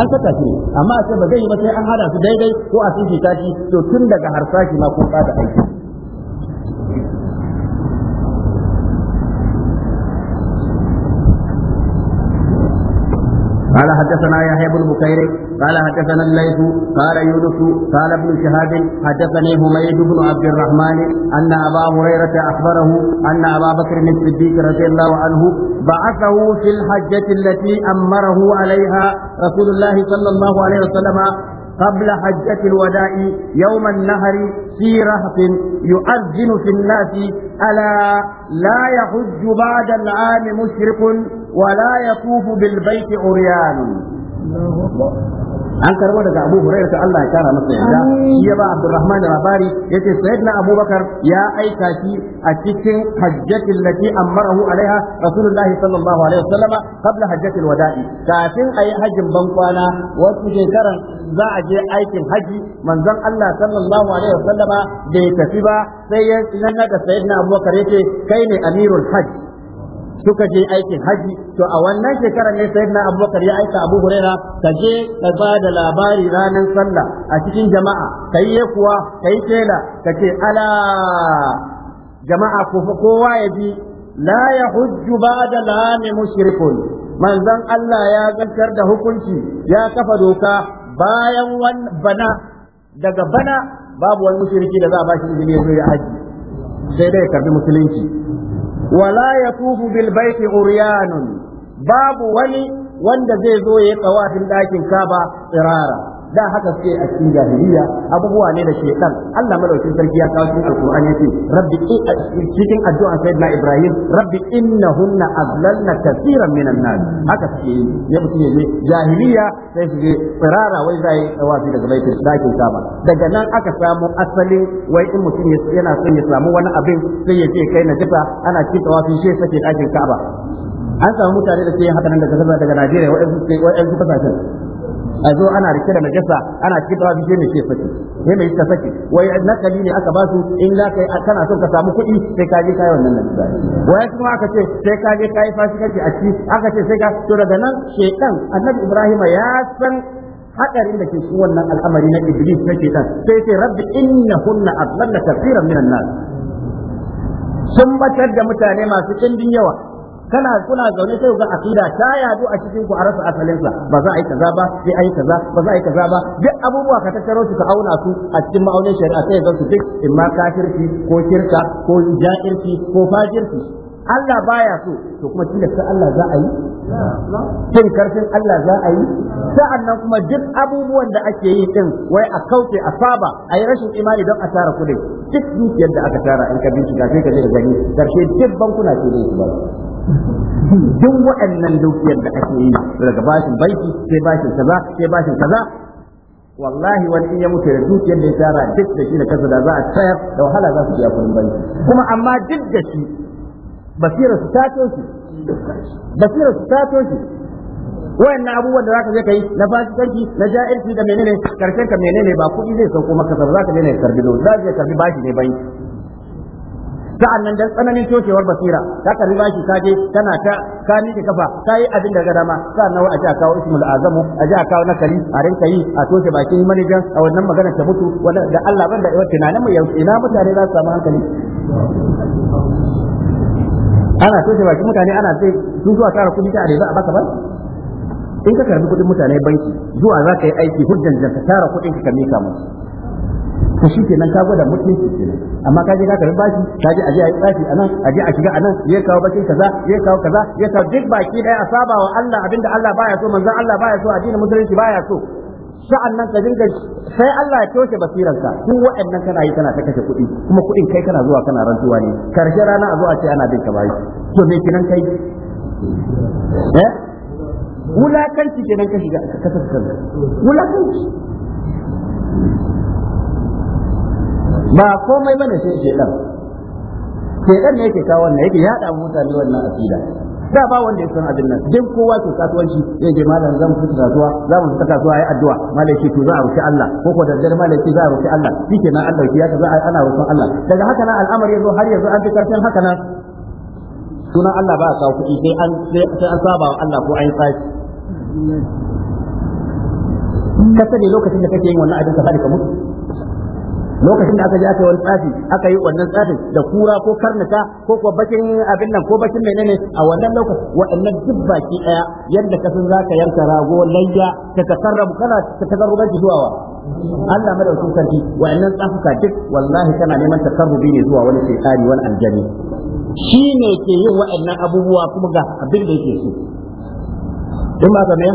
an saka shi amma a ce ba zai yi ba sai an hada su daidai ko a fifi tashi to tun daga harsashi ma kun da aiki قال حدثنا يحيى بن بكير قال حدثنا الليث قال يونس قال ابن شهاب حدثني حميد بن عبد الرحمن ان ابا هريره اخبره ان ابا بكر الصديق رضي الله عنه بعثه في الحجه التي امره عليها رسول الله صلى الله عليه وسلم قبل حجة الوداع يوم النهر في رهط يؤذن في الناس ألا لا يحج بعد العام مشرق ولا يطوف بالبيت عريان an karbo daga Abu Hurairah ta Allah ya kara masa yarda shi ya ba Abdurrahman labari yace sayyidina Abubakar ya aika shi a cikin hajjatil lati amarahu alaiha Rasulullah sallallahu alaihi wasallam qabla hajjatil wada'i kafin ayi hajjin ban kwana wasu shekaran za a je aikin haji manzon Allah sallallahu alaihi wasallam bai tafi ba sai ya nan da sayyidina Abubakar yace kai ne amirul hajj suka je aikin haji to a wannan shekarar ne sayyidina abubakar ya aika abu huraira ka je ka ba da labari ranar sallah a cikin jama'a kai ya kuwa kai tela ka ce ala jama'a ko kowa ya ji la ba da lami mushrikun manzon Allah ya gantar da hukunci ya kafa doka bayan bana daga bana babu wani mushriki da za a bashi izini ya haji sai dai karbi musulunci wala tuhu bil baiti uryanun babu wani wanda zai zo ya tsawafin ɗakin kaba tsirara da haka suke a cikin jahiliya abubuwa ne da shedan Allah madaukin sarki ya kawo cikin alqur'ani yace rabbi eh, cikin addu'a sayyidina ibrahim rabbi innahunna adlalna kaseeran minan nas haka suke ne mutum ne jahiliya sai su tsirara wai zai tsawafi daga baitul dakin saba daga nan aka samu asalin wai in mutum yana son ya samu wani abin sai ya ce kai na jifa ana cikin tsawafi shi sake ɗakin kaba an samu mutane da ke haka nan daga daga Najeriya wa'ansu kasashen a zo ana rike da najasa ana cikin tawafi shi ne ce saki sai mai ta saki wai nakali ne aka ba su in za ka kana son ka samu kuɗi sai ka je kai wannan najasa wai kuma aka ce sai ka je kai fasikanci a ci aka ce sai ka to daga nan shekan annabi Ibrahim ya san hadarin da ke cikin wannan al'amari na Iblis na shekan sai ce rabbi innahunna adlalna kaseeran minan nas sun batar da mutane masu kindin yawa kana kuna zaune sai ga akida ta yadu a cikin ku a rasa asalin sa ba za a yi kaza ba sai a yi kaza ba za a yi kaza ba duk abubuwa ka tattaro su ka auna su a cikin ma'aunin shari'a sai ga su duk imma kafirci ko kirka ko ja'irci ko fajirci Allah baya so to kuma tilasta Allah za a yi cin karfin Allah za a yi sa'annan kuma duk abubuwan da ake yi din wai a kauce a saba a yi rashin imani don a tara kuɗi duk dukiyar da aka tara in ka bincika sai ka je gani karshe duk bankuna ce ne su ba bi duk waɗannan dukiyar da ake yi daga bashin baiki sai bashin kaza sai bashin kaza wallahi wani in ya mutu da dukiyar da ya tara duk da shi da kasa da za a tsayar da wahala za su biya kuɗin banki kuma amma duk da shi basirar su ta toshi basirar su ta toshi wayannan abubuwan da zaka je kai na fasikanci na ja'irci da menene karshen ka menene ba kuɗi zai sauko maka ba za zaka daina karbi za zaka karbi bashi ne banki sa'an nan dan tsananin toshewar basira ta karbi bashi ta je tana ta ka nike kafa ta yi abin da gada ma sa'an nan a ji a kawo ismul azamu a ji a kawo nakari a rinka yi a toshe bakin manajan a wannan magana ta mutu da Allah ban da tunanin mu yanzu ina mutane za su samu hankali ana toshe bakin mutane ana sai su zuwa tara kudi ta a za a baka ba in ka karbi kudin mutane banki zuwa za ka yi aiki hujjan jan ka tara kudin ka mika musu to shi kenan ka gwada mutunci kenan amma ka je ka karbi bashi ka je a yi bashi anan aje a shiga anan ya kawo baki kaza ya kawo kaza ya kawo duk baki daya a saba wa Allah abinda Allah baya so manzon Allah baya so addinin musulunci baya so sa'an nan ka dinga sai Allah ya toshe basiranka duk wa'annan kana yi kana ta kashe kuɗi kuma kuɗin kai kana zuwa kana rantsuwa ne karshe rana a zuwa ce ana bin ka bayi to me kinan kai eh wulakanci kenan ka shiga ka tattala wulakanci ba komai bane sai shedan shedan ne yake kawo wannan yake yada mutane wannan asida da ba wanda ya san abin nan duk kowa ke kasuwanci ya je malam zan fita kasuwa za mu fita kasuwa ai addu'a malam shi to za a roki Allah ko ko da dare malam shi za a roki Allah shikenan an dauki ya za a ana roƙon Allah daga haka nan al'amari yazo har yanzu an fi karshen haka nan sunan Allah ba a kawo kuɗi sai an sai an saba wa Allah ko an yi tsaki ka sani lokacin da kake yin wannan abin ka fadi ka mutu lokacin da aka ji aka yi wani tsafi aka yi wannan tsafin da kura ko karnata ko ko bakin abin nan ko bakin menene a wannan lokacin wa'annan duk baki daya yadda ka san zaka yanka rago layya ka takarrabu kana ta ki zuwa wa Allah madaukin sarki wa'annan tsafuka duk wallahi kana neman takarrubi ne zuwa wani shekari wani aljani shi ne ke yin wa'annan abubuwa kuma ga abin da yake so don ba ka me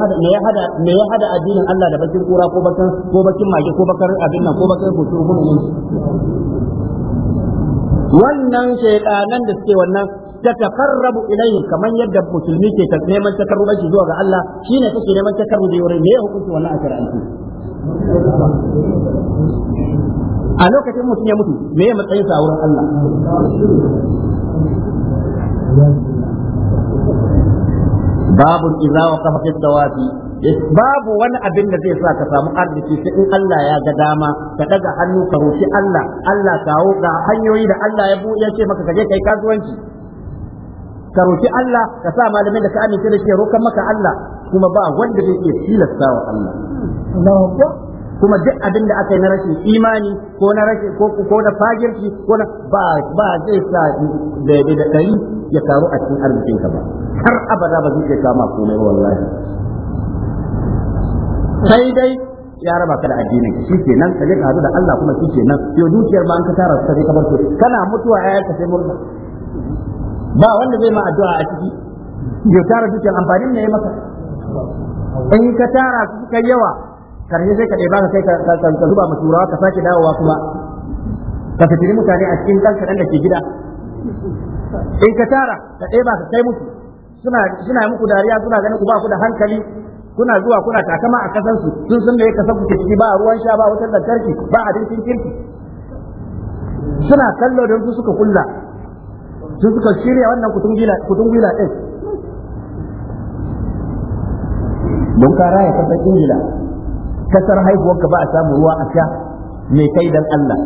ya hada addinin Allah da bakin kura ko bakin ko mage ko bakin abin nan ko bakin hoto ko ne wannan shaytanan da suke wannan ta taqarrabu ilayhi kamar yadda musulmi ke ta neman ta karuba shi zuwa ga Allah shine kake neman ta karuba da yore me ya hukunci wannan akara a lokacin mutum ya mutu me ya matsayin sa wurin Allah babu idza wa kafa fi babu wani abin da zai sa ka samu arziki sai in Allah ya ga dama ka ɗaga hannu ka roki Allah Allah kawo ga hanyoyi da Allah ya bu ya ce maka ka je kai kasuwanci ka roki Allah ka sa malamin da ka amince da shi rokan maka Allah kuma ba wanda zai iya tilasta wa Allah kuma duk abinda aka yi na rashin imani ko na rashin ko ko na ko na ba zai sa da ya karu a cikin ka ba har abada ba zai kama komai wallahi sai dai ya raba ka da addinin shi kenan ka je ka hadu da Allah kuma shi kenan to dukiyar ba an ka tara sai ka bar su kana mutuwa ya ka sai murna ba wanda zai ma addu'a a ciki ya tara dukiyar amfanin ne maka in ka tara su kai yawa karshe sai ka ɗeba ka kai ka zuba ma turawa ka sake dawowa kuma ka fitiri mutane a cikin kanka dan da ke gida in ka tara ka ɗeba ka kai musu suna suna muku dariya suna ganin ku ba ku da hankali kuna zuwa kuna takama a kasan su sun san me ya kasa kuke ciki ba ruwan sha ba wutar lantarki ba abincin kirki suna kallo don su suka kulla su suka shirya wannan gila ɗin don kara ya kasar ingila kasar haihuwarka ba a samu ruwa a sha mai kai don Allah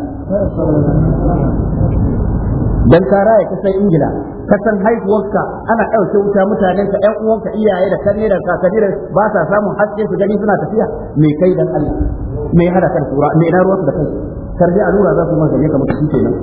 dan ka raya kasar ingila kasar haihuwarka ana ɗauke wuta mutanen ka ƴan uwanka iyaye da kanne da kakanni da ba sa samun haske su gani suna tafiya me kai dan Allah me hada kan tura me na ruwa da kai karbi alura za su magane ka mutum kenan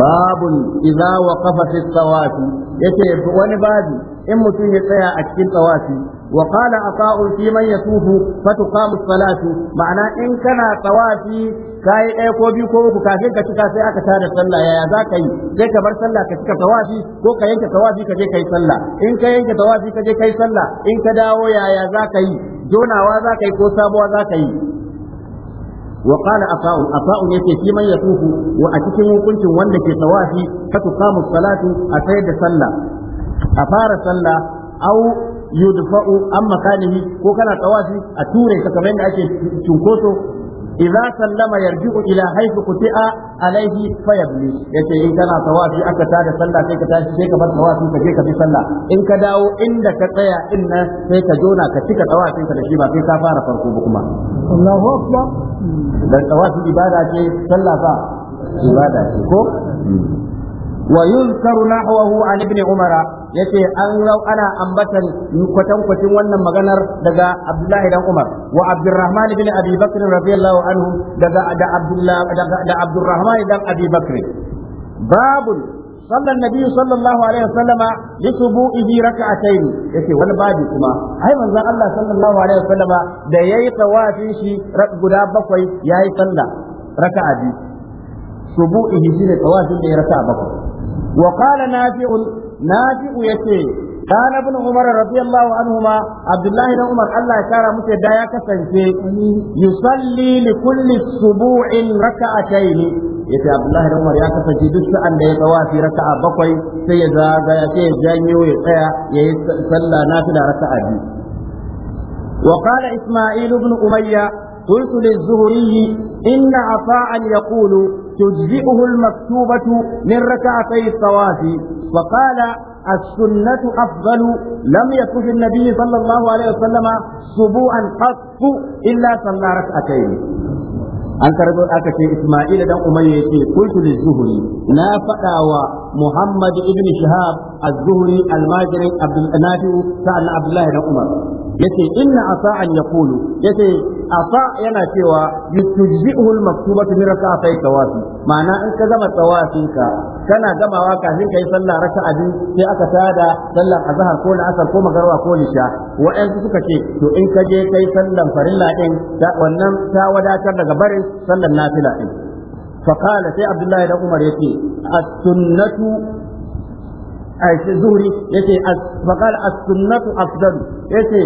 babun idza waqafa fi tawafi yace wani babu in mutum ya tsaya a cikin tsawafi, wa qala aqa'u fi man yatufu fa tuqamu as-salatu ma'ana in kana tsawafi. ka yi ɗaya ko biyu ko uku kafin ka cika sai aka tada sallah yaya za ka yi sai ka bar sallah ka cika tawafi ko ka yanke tawafi ka je kai sallah in ka yanke tawafi ka je kai sallah in ka dawo yaya za ka yi jonawa za ka yi ko sabuwa za ka yi وقال a cikin hukuncin wanda ke tawafi وأتكي كنت Salatu a sai da sallah. A fara sallah Au yudfa'u Amma kanihi ko kana tawafi a ture ka kamar yadda ake cunkoso idza sallama yarji'u ila haythu quti'a alaihi fayabli yace in kana tawafi aka tada sallah sai ka tashi sai ka bar tawafi ka je ka sallah in ka dawo inda ka tsaya din sai ka jona ka da shi ba sai ka fara farko ba kuma dan tawafi ibada ce sallah fa ibada ce ko ويذكر نحوه عن ابن عمر yace an rau ana ambatan kwatankwacin wannan maganar daga Abdullahi dan Umar wa Abdurrahman bin Abi Bakr radiyallahu anhu daga da Abdullah daga da Abdurrahman dan Abi Bakr babun صلى النبي صلى الله عليه وسلم لسبوئه ركعتين yake wani babi kuma ai manzon Allah sallallahu alaihi wasallam da yayi tawafin shi guda bakwai yayi sallah raka'a biyu subu'ihi shine tawafin da ya raka'a bakwai wa nafi'u yace كان ابن عمر رضي الله عنهما عبد الله بن عمر الله يكرى متى دايا كسنتي يصلي لكل سبوع ركعتين yace Abdullahi Umar ya kasance duk sa'an da ya tsawafi raka'a bakwai sai ya zaga ya ce janyo ya tsaya ya yi sallah nafila raka'a biyu wa qala Isma'il ibn Umayya qultu liz-Zuhri inna ya kulu. تجزئه المكتوبة من ركعتي الطواف فقال السنة أفضل لم يكن النبي صلى الله عليه وسلم سبوعا قط إلا صلى ركعتين an karbo aka ce Isma'il dan Umayya yace qultu lizuhri na fada wa Muhammad ibn Shihab az-Zuhri al-Majri Abdul Nafi sa'an Abdullah dan Umar yace inna asa'an yaqulu yace afa yana cewa yutujzi'uhu al-maktubatu min rak'atay tawafi ma'ana in ka zama tawafin ka kana gamawa kafin kai sallar raka'a biyu sai aka tada sallar azhar ko la'asar ko magarwa ko lisha Waɗansu suka ce to in ka je kai sallar farin din wannan ta wadatar daga barin sallar nafila din sai Abdullahi عبد Umar بن عمر يتي السنة aiki zuhri yace faqal as-sunnatu afdal ce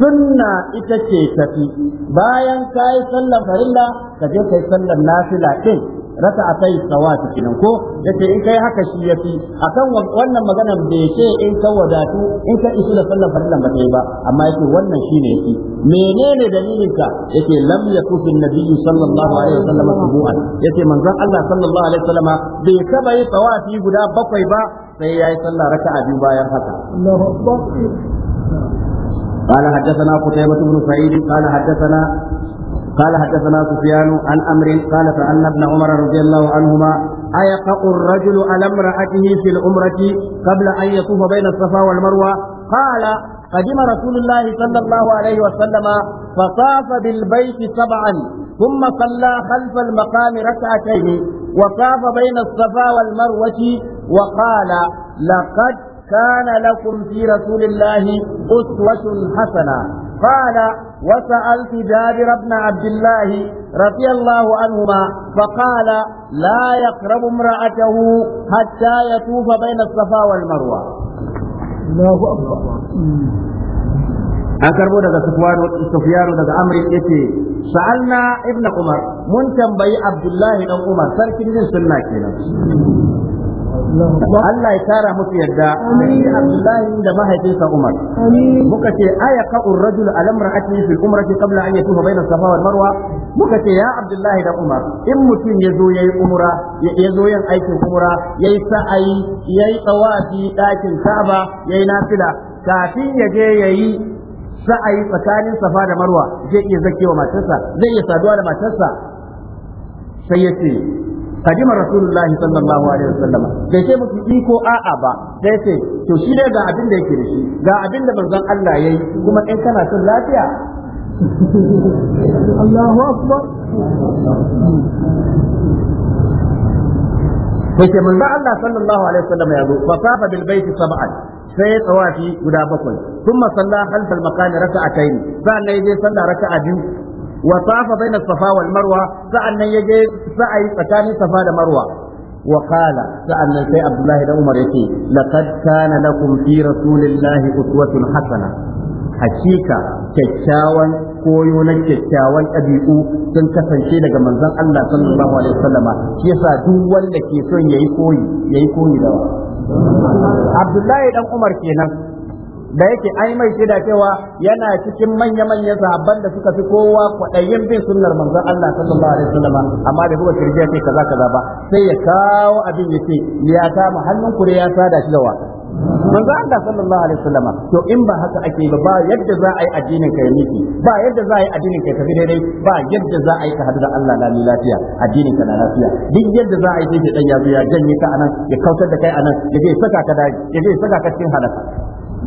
sunna ita ce tafi bayan ka yi sallar farilla ka je ka yi sallar nafila ɗin raka akai sawati kinan ko ya ce in kai haka shi ya fi. yafi akan wannan maganar da ya ce in ka wadatu in ka isu da sallar farilla ba kai ba amma ya ce wannan shi shine fi. menene dalilin ka yace lam yakufi nabiyyu sallallahu alaihi wasallam Ya ce manzon Allah sallallahu alaihi wasallama bai taba yi sawati guda bakwai ba sai yayi sallah raka'a biyu bayan haka Allahu akbar قال حدثنا قتيبة بن سعيد قال حدثنا قال حدثنا سفيان عن أمر قال فأن ابن عمر رضي الله عنهما أيقع الرجل على امرأته في العمرة قبل أن يطوف بين الصفا والمروة قال قدم رسول الله صلى الله عليه وسلم فطاف بالبيت سبعا ثم صلى خلف المقام ركعتين وطاف بين الصفا والمروة وقال لقد كان لكم في رسول الله أسوة حسنة قال وسألت جابر بن عبد الله رضي الله عنهما فقال لا يقرب امرأته حتى يطوف بين الصفا والمروة الله أكبر an karbo daga sufyanu daga amri yace sa'alna ibn umar mun tambayi abdullahi dan umar sarkin jin sunna kenan Allah ya tara musu yadda da Abdullahi da mahaifinsa Umar muka ce aya ka urrajul alam ra'ati fil umrati qabla an yatufa bayna safa wal marwa muka ce ya Abdullahi da Umar in mutum ya zo yayi umra ya zo yin aikin umra yayi sa'ayi yayi tawafi dakin Kaaba yayi nafila kafin ya je yayi sa'ayi tsakanin safa da marwa zai iya zakewa matarsa zai iya saduwa da matarsa sai ya ce kadima rasulullahi sallallahu alaihi wasallam bai ce musu iko a'a ba sai ce to shi ne ga abin da yake da shi ga abin da manzon Allah yayi kuma in kana son lafiya Allahu akbar yace manzo Allah sallallahu alaihi wasallam ya zo fa safa bil baiti sab'an sai ya tsawafi guda bakwai kuma salla khalfal makan raka'atayn sannan ya je sallah raka'a biyu wa tafa baina safa wal marwa sa'annan yaje sa'ai tsakanin safa da marwa wa qala sa'annan sai abdullahi da umar yake laqad kana lakum fi rasulillahi uswatun hasana hakika kyakkyawan koyo na kyakkyawan ɗabi'u sun kasance daga manzon Allah sallallahu alaihi wasallama shi yasa duk wanda ke son yayi koyi yayi koyi da Abdullahi dan Umar kenan da yake ai mai shaida cewa yana cikin manya-manyan sahabban da suka fi kowa kwaɗayin bin sunnar manzon Allah sallallahu alaihi wasallam amma da buga kirje sai kaza kaza ba sai ya kawo abin yace ya ta mu hannun kure ya sada shi da wa manzo Allah sallallahu alaihi wasallam to in ba haka ake ba ba yadda za a yi addinin ka ya miki ba yadda za a yi addinin ka ya tafi daidai ba yadda za a yi ka hadu da Allah lami lafiya addinin ka na lafiya duk yadda za a yi sai dan ya zo ya janye ka anan ya kautar da kai anan ya je saka ka da ya je saka ka cikin halaka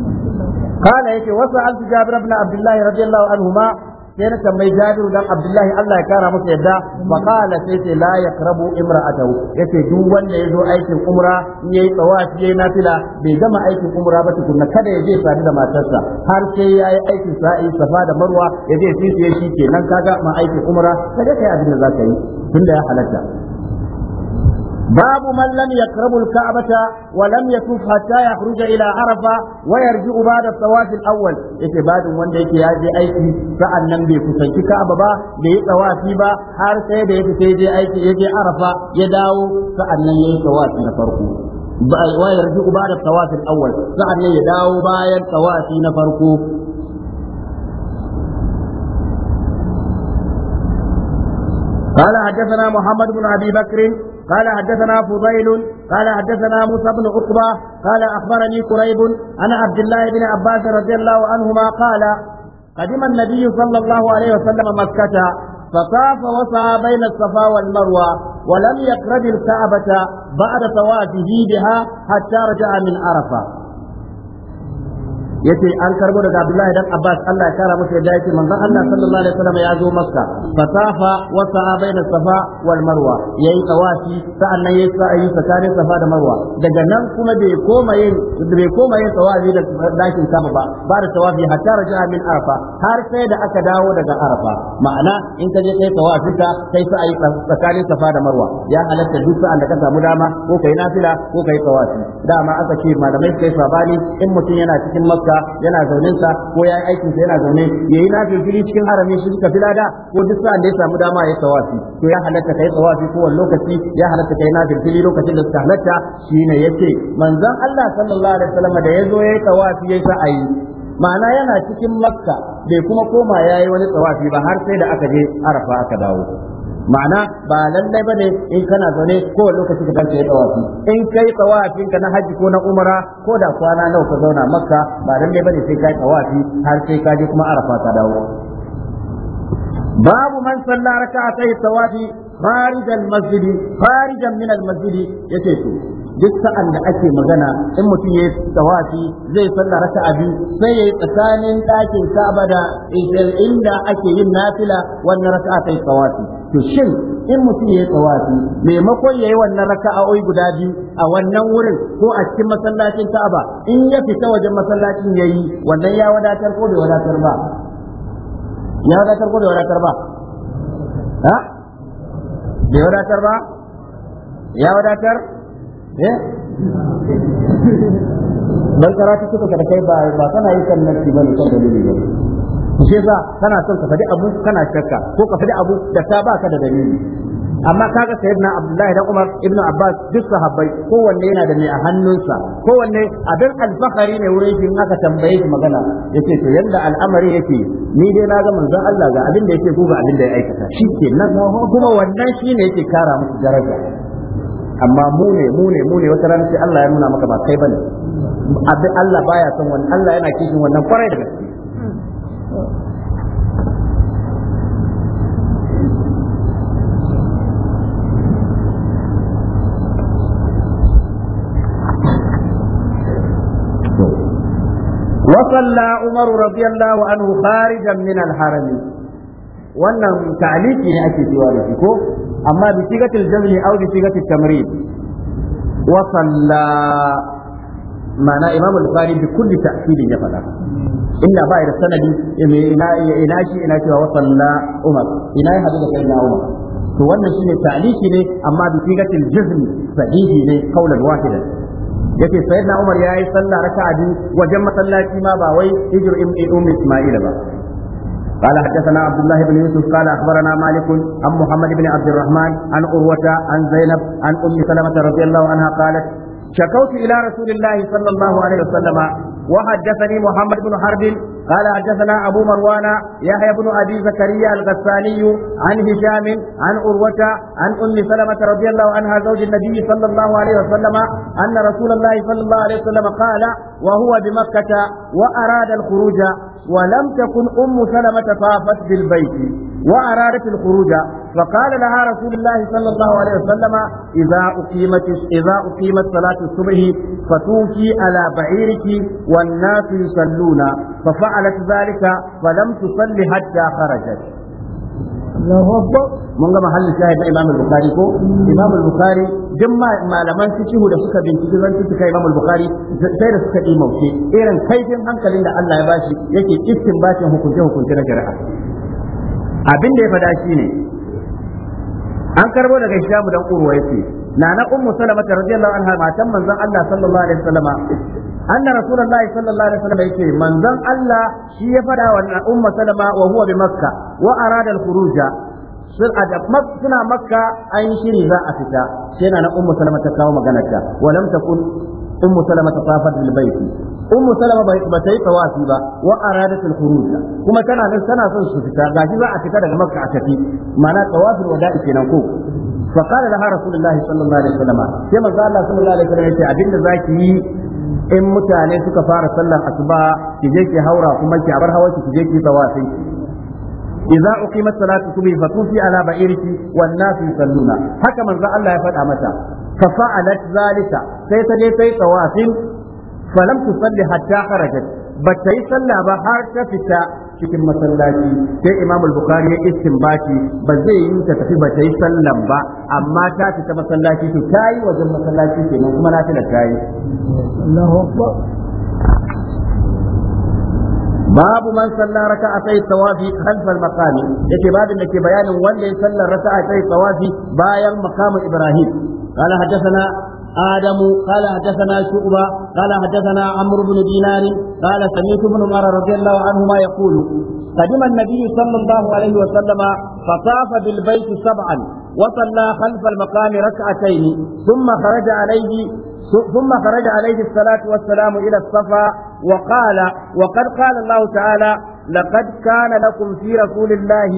ya ce wasu قال يتي وسألت جابر بن عبد الله رضي الله عنهما سينا تنبي جابر بن عبد الله الله يكرم مسيدا وقال سيتي لا يقرب ya ce duk wanda ya zo aikin umra yayi tawafi yayi nafila bai gama aikin umra ba tukunna kada ya je sadu da matarsa har sai yayi aikin sa'i safa da marwa ya je fiye shi kenan kaga ma aikin umra kaga kai abin da ka yi tunda ya halarta. باب من لم يقرب الكعبة ولم يطوف حتى يخرج إلى عرفة ويرجع بعد الطواف الأول yake badin wanda yake ya je aiki sa'an nan bai kusanci Ka'aba ba bai yi tsawafi ba har sai da yake sai je aiki ya Arafa ya dawo sa'an nan yayi tsawafi na farko wa yarji ya dawo bayan tsawafi na farko قال حدثنا محمد بن ابي بكر قال حدثنا فضيل قال حدثنا موسى بن عقبة قال أخبرني قريب أنا عبد الله بن عباس رضي الله عنهما قال قدم النبي صلى الله عليه وسلم مكة فطاف وسعى بين الصفا والمروة ولم يقرب الكعبة بعد طوافه بها حتى رجع من عرفة yace an karbo daga Abdullahi dan Abbas Allah ya kara masa yadda yake manzon Allah sallallahu alaihi wasallam ya zo Makka fasafa wa sa'a baina Safa wal Marwa yayi tawafi sa'annan yayi sa'ayi tsakanin Safa da Marwa daga nan kuma bai koma yin bai koma yin tawafi da dakin kafa ba ba da tawafi hatta raja'a min Arafa har sai da aka dawo daga Arafa ma'ana in ka je kai tawafi ka kai sa'ayi tsakanin Safa da Marwa ya halatta duk sa'an da ka samu dama ko kai nafila ko kai tawafi dama aka ce malamai kai sabani in mutum yana cikin Makka sa yana zaunin sa ko yayi aikin sa yana zaune yayi fili cikin haramin shi suka filada ko duk sa'an da ya samu dama ya tawafi to ya halatta kai tawafi ko wani lokaci ya halatta kai fili lokacin da suka halatta shine yace manzon Allah sallallahu alaihi wasallam da yazo yayi tawafi yayi sa'ayi ma'ana yana cikin makka bai kuma koma yayi wani tawafi ba har sai da aka je arafa aka dawo ma'ana ba lallai bane in kana zaune ko lokaci ka kanka yi tawafi in kai tawafin ka na haji ko na umara ko da kwana nawa ka zauna makka ba lallai bane sai kai tawafi har sai ka je kuma arafa ka dawo babu man sallah raka'atay tawafi farijan min al من المسجد so. duk sa'an da ake magana in mutum ya tawafi zai salla raka abi sai ya yi tsakanin ɗakin saba da inda ake yin nafila wannan raka'a ta yi tawafi to shin in mutum ya yi tawafi maimakon ya yi wannan oi guda biyu a wannan wurin ko a cikin masallacin saba in ya fita wajen masallacin ya yi wannan ya wadatar ko bai wadatar ba ya wadatar ko bai wadatar ba ha bai wadatar ba ya wadatar Eh? dan karatu suka da kai ba ba kana yi kan nafsi bane kan dalili ba shi yasa kana son ka faɗi abu kana shakka ko ka faɗi abu da ta ba ka da dalili amma kaga sayyidina abdullahi da umar ibn abbas duk sahabbai kowanne yana da ne a hannunsa kowanne abin alfahari ne wurin shi aka tambaye shi magana yace to yanda al'amari yake ni dai na ga manzon Allah ga abin da yake ko ga abin da ya aikata shi ke nan kuma wannan shine yake kara musu daraja amma mu ne mu ne mu ne wata rana sai Allah ya nuna maka ba kai bane abin Allah baya son wannan Allah yana kishin wannan kwarai da gaske وصلى عمر رضي الله عنه خارجا من الحرم wannan ta'aliki ne ake cewa da shi ko amma bi sigatil jazmi aw bi sigatil tamrid wa salla ma'ana imam al-bukhari bi kulli ta'kidin ya faɗa inda ba da sanadi ina ina shi ina cewa wa salla umar ina ya hadu da sayyidina umar to wannan shine ta'aliki ne amma bi sigatil jazmi sahihi ne qawlan wahidan yace sayyidina umar yayi sallah raka'a biyu wajen masallaci ma ba wai hijr ibn ummi isma'ila ba قال حدثنا عبد الله بن يوسف قال اخبرنا مالك عن محمد بن عبد الرحمن عن عروه عن زينب عن ام سلمه رضي الله عنها قالت شكوت إلى رسول الله صلى الله عليه وسلم وحدثني محمد بن حرب قال حدثنا أبو مروان يحيى بن أبي زكريا الغساني عن هشام عن أروة عن أم سلمة رضي الله عنها زوج النبي صلى الله عليه وسلم أن رسول الله صلى الله عليه وسلم قال وهو بمكة وأراد الخروج ولم تكن أم سلمة طافت بالبيت وأرادت الخروج فقال لها رسول الله صلى الله عليه وسلم إذا أقيمت إذا أقيمت صلاة الصبح فتوفي على بعيرك والناس يصلون ففعلت ذلك فلم تصل حتى خرجت mun ga mahallin shahid na Imam al-Bukhari ko Imam al-Bukhari duk malaman fiqh da suka binciki zan suka Imam al-Bukhari sai da suka yi mauke irin kaifin hankalin da Allah ya bashi yake bashin hukunce hukunce na shari'a abin da ya fada ne. an karbo daga Hisham dan Urwa yake nana ummu salama ta radiyallahu anha matan manzon Allah sallallahu alaihi wasallama anna rasulullahi sallallahu alaihi wasallam yake manzon Allah shi ya fada wa umma salama wa huwa bi makka wa arada al suna makka an shiri za a fita sai na ummu salama ta kawo magana ta wa lam takun ummu salama ta safar da baiti ummu salama ba ta yi tawafi ba wa aradat al khuruj kuma tana nan tana son su fita gashi za a fita daga makka a tafi ma'ana tawafin wada'i kenan ko فقال لها رسول الله صلى الله عليه وسلم كما قال الله صلى الله عليه وسلم يتي أبين ذاكي in mutane suka fara sallar asuba ki je ki haura kuma ki bar hawa ki je ki tawafin idza uqimat salatu subhi fatufi ala ba'iriki wan nasu yusalluna haka manzo Allah ya faɗa mata fa fa'alat sai ta je sai tawafin falam tusalli hatta kharajat ba ta yi sallah ba har ta fita cikin masallaci sai imam al-bukhari ya istinbati ba zai yi ta tafi ba ta yi sallar ba amma ta fita masallaci to ta yi wajen masallaci ke nan kuma na fi da ta babu man sallar raka a sai tawafi halfar makami yake babin da ke bayanin wanda ya sallar raka a sai tawafi bayan makamin ibrahim قال حدثنا آدم قال حدثنا شعبة قال حدثنا عمرو بن دينار قال سمعت بن عمر رضي الله عنهما يقول قدم النبي صلى الله عليه وسلم فطاف بالبيت سبعا وصلى خلف المقام ركعتين ثم خرج عليه ثم خرج عليه الصلاة والسلام إلى الصفا وقال وقد قال الله تعالى لقد كان لكم في رسول الله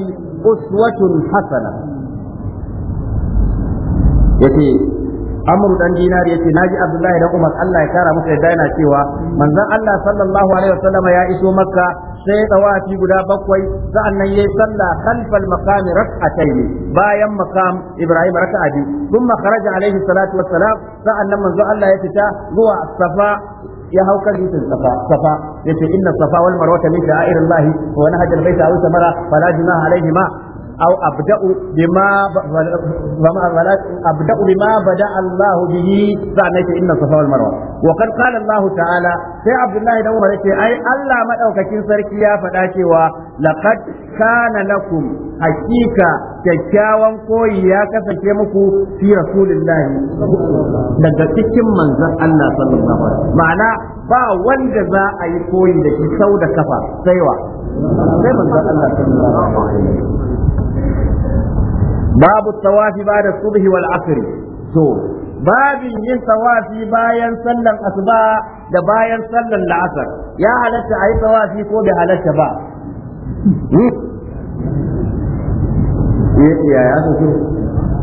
أسوة حسنة. يتي amru dan dinar yace naji abdullahi da umar Allah ya kara masa yadda yana cewa manzon Allah sallallahu alaihi wasallam ya iso makka sai ya tsawafi guda bakwai sa'annan yayi sallah khalfal maqami rak'atayn bayan maqam ibrahim raka'a biyu thumma kharaja alaihi salatu wassalam nan manzon Allah ya fita zuwa safa ya hau kan dutsen safa safa yace inna safa wal marwa min sha'airillahi wa nahajal baita aw samara fala junaha alaihima أو أبدأ بما أبدأ بما بدأ الله به فأنيت إن الصفا والمروة وقد قال الله تعالى في عبد الله بن عمر أي الله ما أوكاكين سركيا فداكي لقد كان لكم حقيقة kyakkyawan koyi ya kasance muku fi rasulillahi daga cikin manzon Allah sallallahu alaihi ma'ana ba wanda za a yi koyi da shi sau da kafa saiwa sai manzon Allah sallallahu alaihi babu tawafi ba da subhi wal asr to babin yin tawafi bayan sallan asuba da bayan sallan la'asar ya halatta a yi tawafi ko bai halatta ba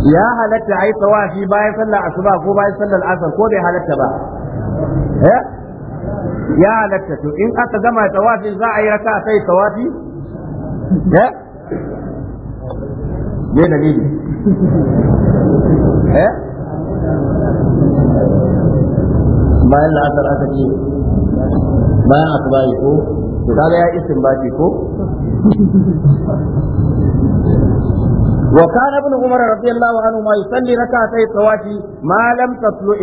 ya halatta a yi tawafi bayan sallan asuba ko bayan sallan asar ko bai halatta ba ya halatta to in aka gama tawafi za a yi sai me dalili eh bayan la'asar aka ce bayan asibari ko to kaga ya baki ko wa kana ibn umar radiyallahu anhu ma yusalli rak'atay tawafi ma lam tatlu'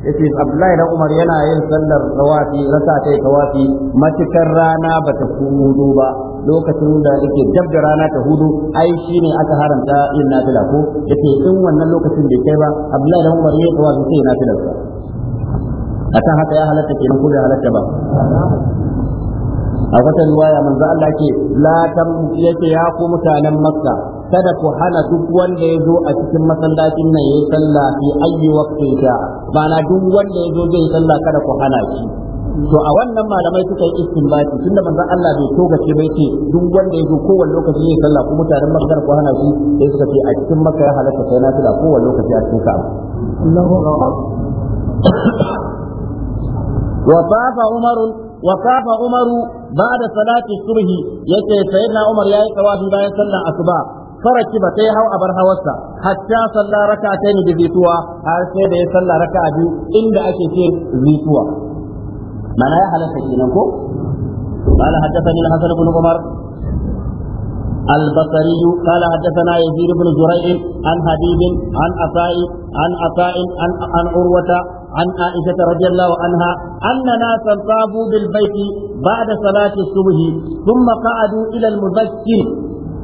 yace Abdullahi dan Umar yana yin sallar tawafi rasa kai tawafi matukar rana bata hudu ba lokacin da yake dab da rana ta hudu ai shine aka haramta yin nafila ko yace in wannan lokacin bai kai ba Abdullahi dan Umar yayi tawafi sai nafila akan haka ya halatta kenan ko bai halatta ba a wata riwaya manzo Allah ke la tam yake ya ku mutanen Makka kada ku hana duk wanda ya zo a cikin masallacin nan ya yi sallah fi ayyi waqtin sha ba na duk wanda ya zo zai sallah kada ku hana shi to a wannan malamai suka yi istinbati tunda manzon Allah bai toga ce bai ce duk wanda ya zo kowanne lokaci ya sallah ko mutanen Makka ko hana shi sai suka ce a cikin Makka ya halatta sai na tula kowanne lokaci a cikin Ka'aba Allahu Akbar wa fafa Umaru wa fafa Umaru ba'da salati subhi yace sayyidina Umar yayi tawafi bayan sallar asuba faraki ba sai hau abar hawarsa hatta sallah raka'atayn bi zituwa har sai da ya sallah raka'a biyu inda ake ce zituwa mana ya halatta kenan ko قال حدثني الحسن بن عمر البصري قال حدثنا يزيد بن زريع عن حبيب عن عطاء عن عطاء عن عن عروة عن عائشة رضي الله عنها أن ناسا طابوا بالبيت بعد صلاة الصبح ثم قعدوا إلى المذكر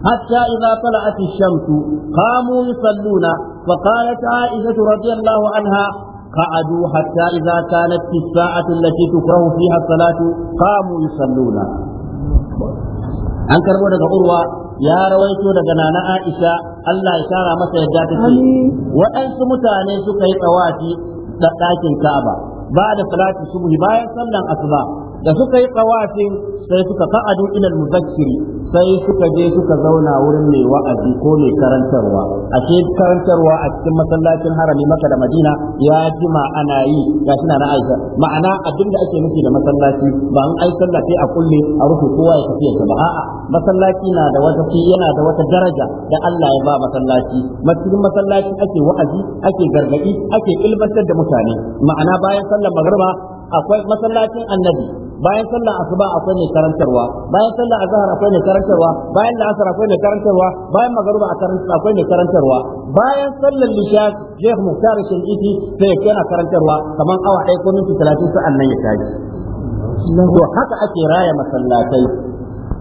حتى إذا طلعت الشمس قاموا يصلون فقالت عائشة رضي الله عنها قعدوا حتى إذا كانت في الساعة التي تكره فيها الصلاة قاموا يصلون an karbo daga urwa ya rawaito daga nana aisha Allah ya kara masa yadda ta ce waɗansu mutane suka yi tsawafi da ɗakin ka'aba bada da salati bayan sallar asuba da suka yi tsawafin sai suka fa'adu ilal muzakkiri sai suka je suka zauna wurin mai wa'azi ko mai karantarwa a ce karantarwa a cikin masallacin harami maka da madina ya jima ana yi ga shi na aisha ma'ana abin da ake nufi da masallaci ba an ai sallah sai a kulle a rufe kowa ya tafi ba a'a masallaci na da wata fi yana da wata daraja da Allah ya ba masallaci masjidin masallaci ake wa'azi ake gargadi ake ilmantar da mutane ma'ana bayan sallar magriba akwai masallacin annabi bayan sallar asuba akwai mai karantarwa bayan sallar azhar akwai mai karantarwa bayan la'asar akwai mai karantarwa bayan magruba akwai mai karantarwa bayan sallar lisha Sheikh Muhtar Shirkiti sai ya kana karantarwa kamar awa ɗaya ko minti talatin sa'an nan ya tashi to haka ake raya masallatai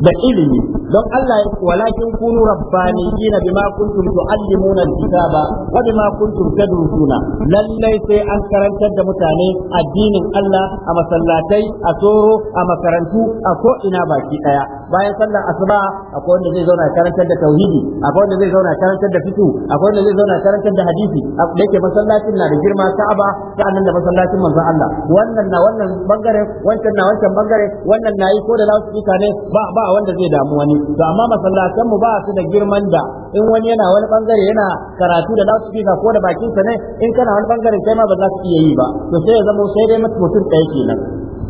da ilimi don Allah ya walakin kunu rabbaniyina bima kuntum tuallimuna alkitaba wa bima kuntum tadrusuna lallai sai an karantar da mutane addinin Allah a masallatai a tsoro a makarantu a ko ina baki daya bayan sallar asuba akwai wanda zai zauna karantar da tauhidi akwai wanda zai zauna karantar da fitu akwai wanda zai zauna karantar da hadisi da yake masallacin na da girma Ka'aba sa'annan da masallacin manzon Allah wannan na wannan bangare wancan na wancan bangare wannan na yi ko da loudspeaker ne ba ba wanda zai damu wani to amma masallatan mu ba su da girman da in wani yana wani bangare yana karatu da nasu fika ko da bakin sa ne in kana wani bangaren kai ma ba za su iya yi ba to sai ya zama sai dai mutum ɗaya kenan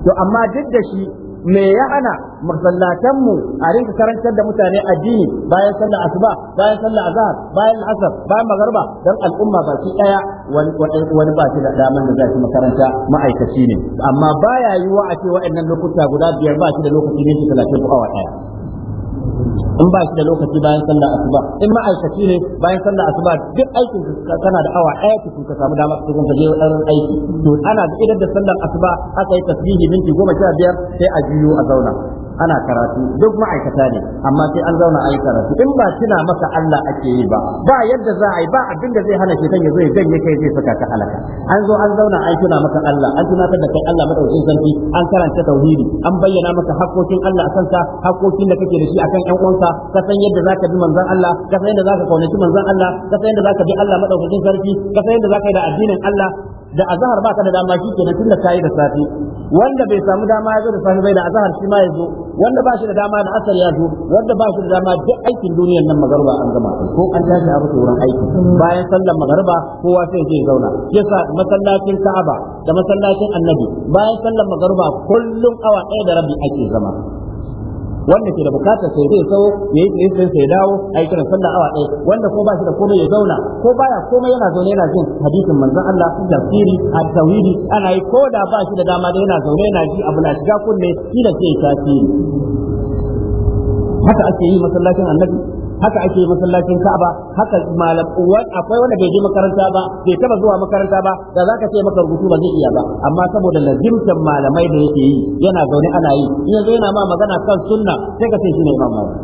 to amma duk da shi me ya ana masallatan mu a rinka karantar da mutane addini bayan sallar asuba bayan sallar azhar bayan asar bayan magarba dan al'umma baki daya wani ba shi da daman da zai makaranta ma'aikaci ne amma baya yiwa a ce wa'annan lokuta guda biyar ba shi da lokaci ne shi 30 ko awa daya in ba shi da lokaci bayan sallar asuba in ma'aikaci ne bayan sallar asuba duk aikin kana da awa ɗaya ki ka samu dama su ka je ɗan aiki to ana da idan da sallar asuba aka yi tasbihi minti goma sha biyar sai a juyo a zauna ana karatu duk ma'aikata ne amma sai an zauna a yi karatu in ba tuna maka Allah ake yi ba ba yadda za a yi ba abin da zai hana shekan ya zo ya ganye kai zai saka ka halaka an zo an zauna an tuna maka Allah an tunatar da kai Allah madaukakin sarki an karanta tauhidi an bayyana maka hakokin Allah akan sa hakokin da kake da shi akan ƴan uwansa ka san yadda zaka bi manzon Allah ka san yadda zaka kaunaci manzon Allah ka san yadda zaka bi Allah madaukakin sarki ka san yadda zaka yi da addinin Allah da Azahar ba ka da dama shi kenan tunda kai da safi wanda bai samu dama ya zo da safi bai da Azahar shi ma ya zo wanda ba shi da dama da asar ya zo wanda ba shi da dama duk aikin duniyar nan magarba an gama ko an tashi a rufe wurin aiki bayan sallar magarba kowa sai zai zauna yasa masallacin Ka'aba da masallacin Annabi bayan sallar magarba kullum awa ɗaya da rabi ake zama wanda ke da bukatar sai zai sau ya yi tsaye sai sai dawo a yi kiran sallah awa ɗaya wanda ko ba shi da komai ya zauna ko baya komai yana zaune yana jin hadisin manzon Allah tafsiri a tauhidi ana yi ko da ba shi da dama da yana zaune yana ji abu na shiga kunne shi da sai tasiri haka ake yi masallacin annabi haka ake masallacin Ka'aba haka malam akwai wanda bai je makaranta ba bai taba zuwa makaranta ba da zaka ce maka rubutu ba zai iya ba amma saboda lazimtan malamai da yake yi yana zaune ana yi in yanzu yana ma magana kan sunna sai ka ce shi ne imam malik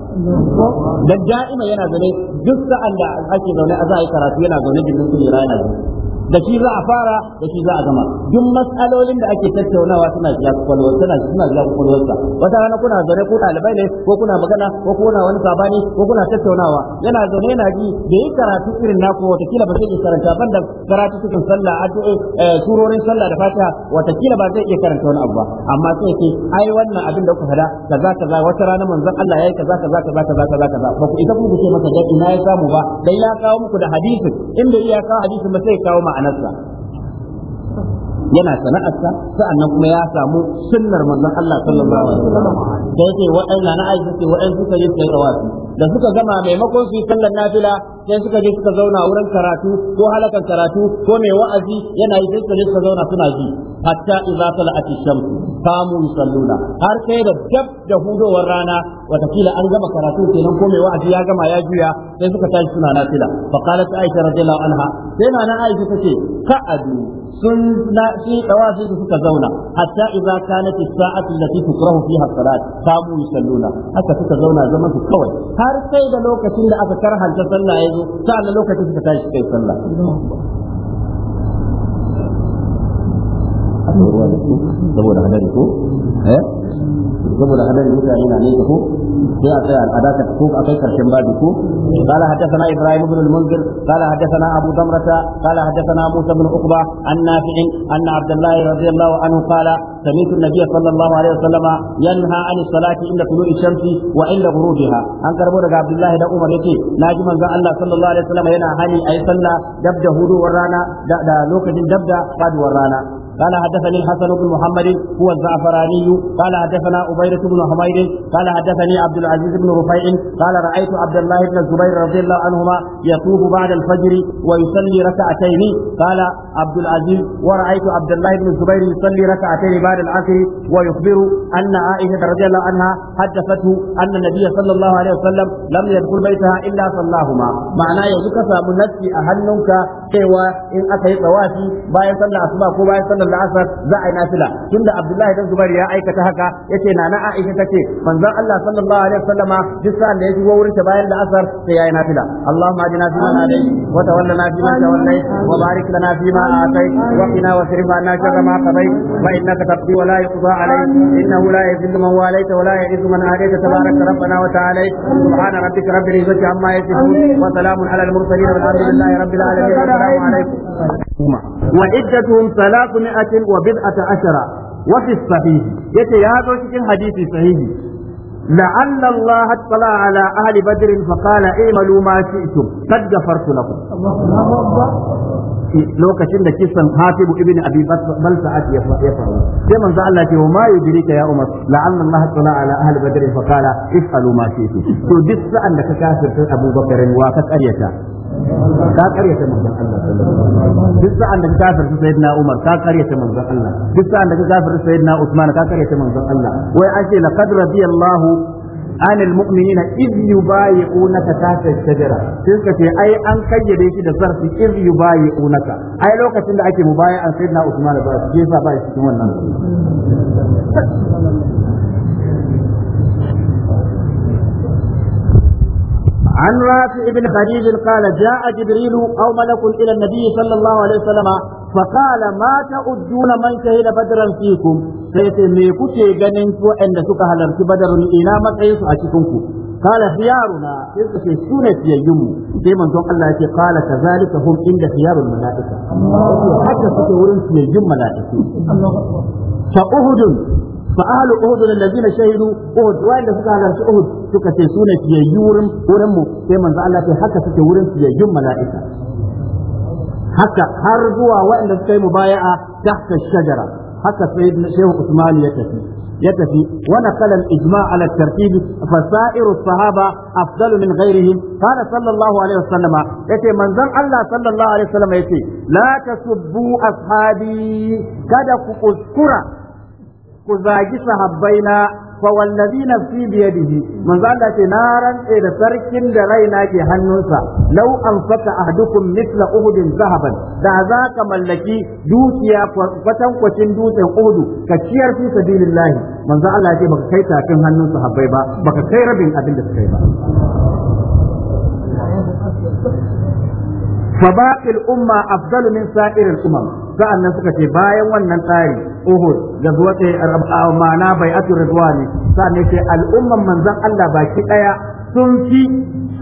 dan da'ima yana zaune duk sa'an da ake zaune a za a yi karatu yana zaune gindin kujera yana zaune da shi za a fara da shi za a gama duk matsalolin da ake tattaunawa suna shiga kwakwalwar suna suna shiga kwakwalwar sa wata rana kuna zaune ko ɗalibai ne ko kuna magana ko kuna wani sabani ko kuna tattaunawa yana zaune yana ji da yi karatu irin naku watakila ba zai iya karanta ban da karatu cikin sallah addu'o'i eh, surorin sallah da fatiha watakila ba zai iya karanta wani abu ba amma sai ke ai wannan abin da kuka faɗa kaza kaza wata rana manzon Allah yayi kaza kaza kaza kaza kaza kaza ba ku ita ku ce masa da ina ya samu ba dai ya kawo muku da hadisin inda ya kawo hadisin ba sai kawo ma'ana ma'anarsa yana sana'arsa sa'annan kuma ya samu sunnar manzon Allah sallallahu alaihi wasallam da yake na ce suka zama sai da suka gama maimakon su sallar nafila sai suka je suka zauna wurin karatu ko halakan karatu ko mai wa'azi yana yi sai suka je suka zauna suna ji hatta idza tala'at ash-shams kamu yusalluna har sai da dab da hudowar rana watakila an gama karatu kenan ko mai wa'azi ya gama ya juya sai suka tashi suna nafila fa qalat aisha radhiyallahu anha sai nana aisha tace ka'adu sun na shi tawafi suka zauna hatta idza kanat as-sa'atu allati tukrahu fiha as-salat kamu yusalluna haka suka zauna zaman su kawai har sai da lokacin da aka karhanta sallah yazo sa'an lokacin suka tashi kai sallah hannun ruwa da su saboda hadari ko eh? saboda hadari mutane na ko sai a tsaya al'ada ta ko akwai karshen babu ko qala hadathana ibrahim ibn al-munzir qala hadathana abu damrata qala hadathana musa ibn uqba an nafi'in an abdullah radiyallahu anhu qala سمعت النبي صلى الله عليه وسلم ينهى عن الصلاة عند طلوع الشمس وعند غروبها أن كربونا عبد الله دا عمر يتي ناجم أن الله صلى الله عليه وسلم ينهى عن أي صلى دبدا هدو ورانا دا, دا لوكة دبدا قد ورانا قال حدثني الحسن بن محمد هو الزعفراني قال حدثنا عبيدة بن حميد قال حدثني عبد العزيز بن رفيع قال رأيت عبد الله بن الزبير رضي الله عنهما يطوف بعد الفجر ويصلي ركعتين قال عبد العزيز ورأيت عبد الله بن الزبير يصلي ركعتين بعد العصر ويخبر أن عائشة رضي الله عنها حدثته أن النبي صلى الله عليه وسلم لم يدخل بيتها إلا صلاهما معناه يذكر منسي أهلنك cewa in aka yi tsawafi bayan sallar asuba ko bayan sallar la'asar za a yi nafila tunda Abdullahi dan Zubair ya aikata haka yace nana Aisha tace manzon Allah sallallahu alaihi wasallama duk sa'an da ya shigo wurin ta bayan la'asar sai yayi nafila Allahumma ajina fi man adai wa tawallana fi man tawallai wa barik lana fi ma atai wa qina wa sirif anna sharra ma qadai fa innaka taqdi wa la yuqda alayk innahu la yadhillu man walayta wa la yadhillu man adayta tabarak rabbana wa ta'ala subhana rabbika rabbil izzati amma yasifun wa salamun ala al mursalin walhamdulillahi rabbil alamin السلام عليكم وعدتهم ثلاثمائة وبضعة عشرة وفي الصحيح يتي cikin hadisi حديث صحيح لعل الله اطلع على أهل بدر فقال اعملوا ما شئتم قد غفرت لكم lokacin da kisan Hatibu ibn Abi Balsa'at ya faru sai manzo Allah ce ma yudrika ya Umar la'anna Allah tala ala ahli badr fa qala if'alu ma to duk sa'an da ka kafirta Abu Bakar wa ka karyata? ka ta manzan Allah duk sa'an da ka kafirta sayyidina Umar ka ta manzan Allah duk sa'an da ka kafirta sayyidina Usman ka ta manzan Allah wai ake la qad radiyallahu anil mu'minin id yubayi'unaka tahta shajara sai ka ce ai an kayyade shi da zarfi bayi yubayi'unaka ai lokacin da ake mu mubayi'a sayyidina Usman ba su jefa ba shi cikin wannan عن رافع بن خديج قال جاء جبريل أو ملك إلى النبي صلى الله عليه وسلم فقال ما تؤدون من شهد بدرا فيكم سيتي ميكوتي غنين كو أن سكا هلرك بدر إلى مكيس أشكنكو قال خيارنا في سنة يجمو كما تقول الله قال كذلك هم عند خيار الملائكة حتى سكورين في يجم ملائكة فأهد fa ahlu uhud allazina shahidu uhud wanda suka halarci uhud suka ce sune fiyayyu wurin sai manzo Allah ce haka suke wurin fiyayyun mala'ika haka har zuwa waɗanda suka yi mubaya'a tahta shajara haka sayyidina shehu usman ya tafi ya tafi wa naqala al-ijma' ala at-tartib fa sa'iru sahaba afdalu min ghayrihim kana sallallahu alaihi wasallama yace manzon Allah sallallahu yace la tasubbu ashabi kada ku ku zagi sahabbaina fa wallazi nafsi biyadihi manzo Allah ce na rantse da sarkin da raina ke hannunsa nau'an fata ahdukum mithla uhudin zahaban da za ka mallaki dukiya kwatan kwacin dutsen uhudu ka ciyar fi sabilillahi manzo Allah ce baka kai tafin hannun sahabbai ba baka kai rabin abin da suka yi ba fa baqil umma afdalu min sa'iril umam sa'annan suka ce bayan wannan tsari Uhud bai zuwa ta ma'ana bai'atu ridwani sa'annan ce al'umman manzon Allah baki daya sun fi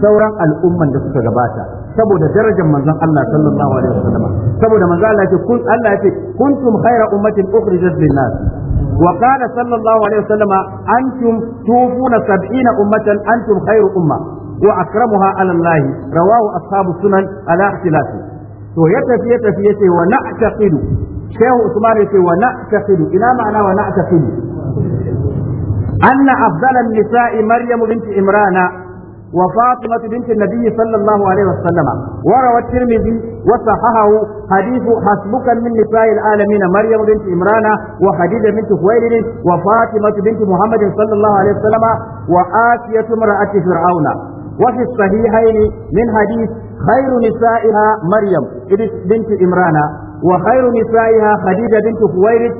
sauran al'umman da suka gabata saboda darajar manzon Allah sallallahu alaihi wasallam saboda manzon Allah ce kun Allah ce kuntum khayra ummatin ukhrijat lin-nas wa qala sallallahu alaihi wasallama antum tufuna sab'ina ummatan antum khayru umma. Wa على الله رواه اصحاب السنن على اختلافه to ya tafi ya tafi ya ce wa shehu usman ya ce wa na ta ina ma'ana wani na ta anna afdalan nisa'i maryam binti imrana wa fatima binti nabiy sallallahu alaihi wa sallama wa rawat tirmidhi wa sahahu hadithu hasbukan min nisa'il alamin maryam binti imrana wa Hadiza binti khuwaylid wa fatima binti muhammad sallallahu alaihi wa sallama wa asiyatu mar'ati fir'auna وفي الصحيحين من حديث خير نسائها مريم بنت عمران وخير نسائها خديجة بنت خويلد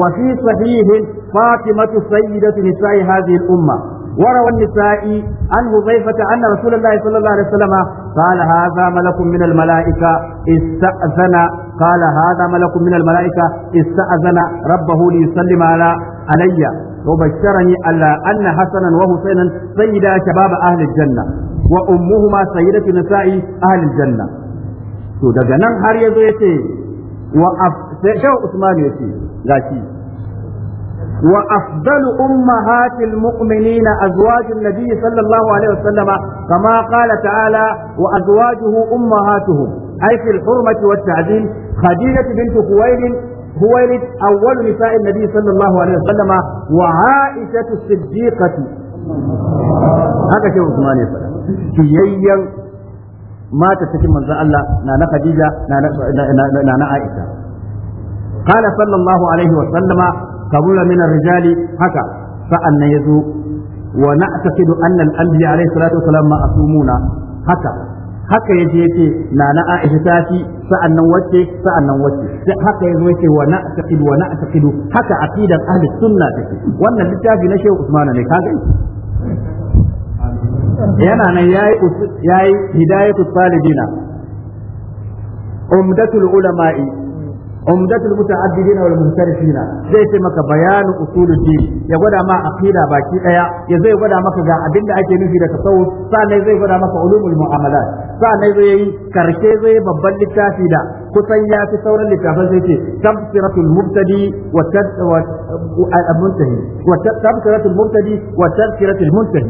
وفي صحيح فاطمة سيدة نساء هذه الأمة وروى النسائي عن حذيفة أن رسول الله صلى الله عليه وسلم قال هذا ملك من الملائكة استأذن قال هذا ملك من الملائكة استأذن ربه ليسلم على علي وبشرني على أن حسنا وحسينا سيدا شباب أهل الجنة وأمهما سيدة نساء أهل الجنة to daga nan har ya zo ya ce wa shaw Usman ya ce gashi wa afdalu ummahatil mu'minina azwajun nabi sallallahu alaihi wasallama kama qala ta'ala wa azwajuhu ummahatuhum ay hurmati wat ta'dil khadijah bint khuwailid خويلد أول نساء النبي صلى الله عليه وسلم وعائشة الصديقة هذا شيء عثمان يسأل كييا ما تتكلم من الله نانا خديجة نانا عائشة قال صلى الله عليه وسلم قبول من الرجال هكا فأن يزو ونعتقد أن الأنبياء عليه الصلاة والسلام معصومون هكا haka yaje yace nana Aisha ta ci sa'annan wacce sa'annan wacce haka yake yace wa na taqidu wa na taqidu haka aqidan ahli sunna take wannan littafi na Sheikh Usman ne kaga yana nan yayi yayi hidayatul talibina umdatul ulama'i عمدة المتعددين والمنصرفين زي كما بيان اصول الدين يا غدا ما عقيده باقي ديا يا زي غدا ما ga abinda ake nufi da tasawuf sannan zai gwada maka ulumul mu'amalat sannan zai yi karshe babban littafi da kusan ya fi sauran littafan zai ce tabsiratul mubtadi wa tabsiratul mubtadi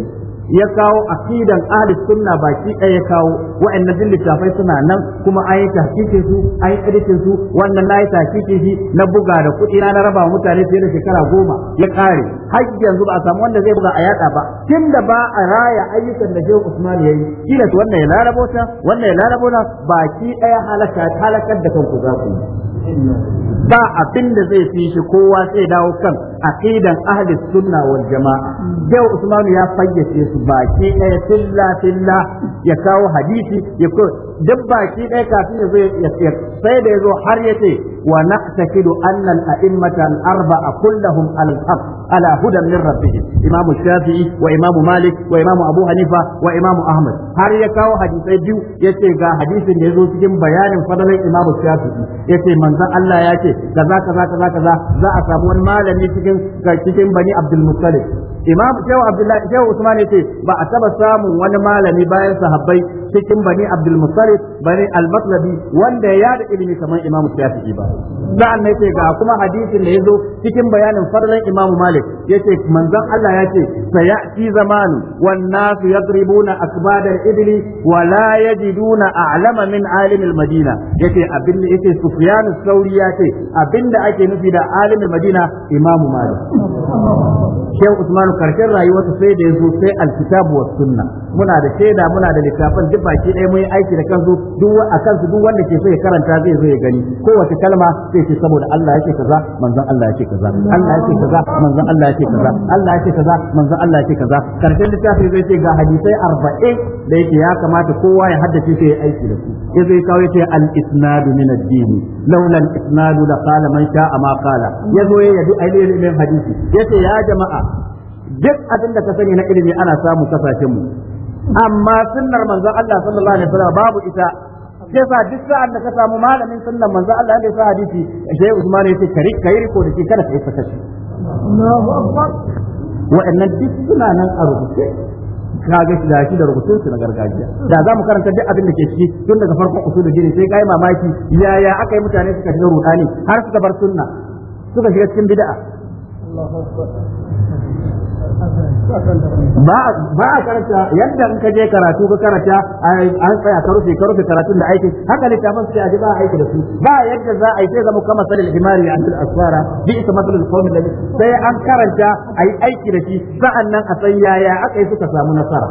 ya kawo aqidan ahli sunna baki ɗaya ya kawo wa'annan din littafai suna nan kuma ayi tahqiqin su ayi editin su wannan nayi tahqiqin shi na buga da kuɗi na na raba mutane fiye da shekara goma ya kare har yanzu ba a samu wanda zai buga a yada ba tunda ba a raya ayyukan da Shehu Usman yayi kila wannan ya larabota wannan ya ba baki ɗaya halaka halakar da kanku za ku ba abin da zai fi shi kowa sai dawo kan aqidan ahli sunna wal jama'a yau Usman ya fayyace su baki ɗaya filla-filla ya kawo hadisi ya ko duk baki ɗaya kafin ya zo sai da yazo zo har yace ونعتقد أن الأئمة الأربعة كلهم على الحق على هدى من ربهم إمام الشافعي وإمام مالك وإمام أبو حنيفة وإمام أحمد هل يكاو حديثي بيو يتي غا حديث يزو سجن بيان فضل إمام الشافعي يتي من ذا الله يتي كذا كذا كذا كذا ذا أسامون مالا يتكن كتكن بني عبد المطلب imam shehu abdullahi shehu usman yace ba a taba samun wani malami bayan sahabbai cikin bani abdul musalib bani al-matlabi wanda ya da ilimi kamar imam shafi'i ba sa'an ne ce ga kuma hadisin da ya zo cikin bayanin farlan imamu malik ya ce manzon Allah yace ce sayati zamanu wan nasu yadribuna akbadal ibli wa la yajiduna a'lama min alimil madina yace abin da yace sufyan sauri ya ce abinda ake nufi da alimil madina imamu malik shehu usman karshen rayuwarsa sai da ya zo sai alkitabu was sunna muna da shaida muna da littafan. duk baki ɗaya mun yi aiki da kansu duk a kansu duk wanda ke so ya karanta zai zo ya gani kowace kalma zai ce saboda Allah yake kaza manzon Allah yake kaza Allah yake kaza manzon Allah yake kaza Allah yake kaza manzon Allah yake kaza karshen littafin zai ce ga hadisai 40 da yake ya kamata kowa ya haddace sai ya aiki da su ya zai kawo yace al isnadu min ad-din laula al isnadu la qala man sha'a ma qala ya zo ya yadu ainihin hadisi yace ya jama'a duk abin da ka sani na ilimi ana samu kasashen mu amma sunnar manzon Allah sallallahu alaihi wasallam babu ita sai sa duk sa'an da ka samu malamin sunnar manzon Allah da sa hadisi sai Usman yace kari kai riko da shi kada kai sakaci Allahu akbar duk suna nan a rubuce kaga shi da shi da rubutun su na gargajiya da za mu karanta duk abin da ke ciki tun daga farkon da jini sai kai mamaki yaya aka yi mutane suka shiga rudani har suka bar sunna suka shiga cikin bid'a ba a karanta yadda in ka je karatu ka karanta an tsaya ka rufe ka rufe karatun da aiki haka littafin sai a ji ba a aiki da su ba yadda za a yi sai zama kama sanin himari a cikin asfara bi isa masalul komi da sai an karanta a yi aiki da shi sa'annan a san yaya aka yi suka samu nasara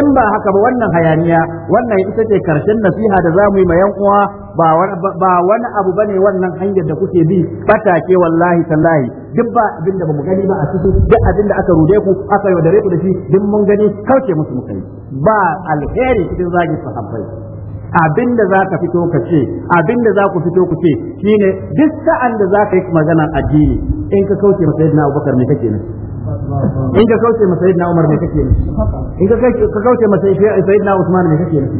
in ba haka ba wannan hayaniya wannan ita ce karshen nasiha da za mu yi ma yan uwa ba wani ba wani abu bane wannan hanyar da kuke bi fatake wallahi tallahi duk ba abin da bamu gani ba a cikin duk abin da aka rude ku aka dare ku da shi duk mun gani kauce musu muka yi ba alheri cikin zagi sahabbai abin da za ka fito ka ce abin da za ku fito ku ce shine duk sa'an da za ka yi maganar addini in ka kauce masa yadda abubakar ne kake nan in ka kauce masa yadda umar ne kake nan in ka kauce masa yadda usman ne kake nan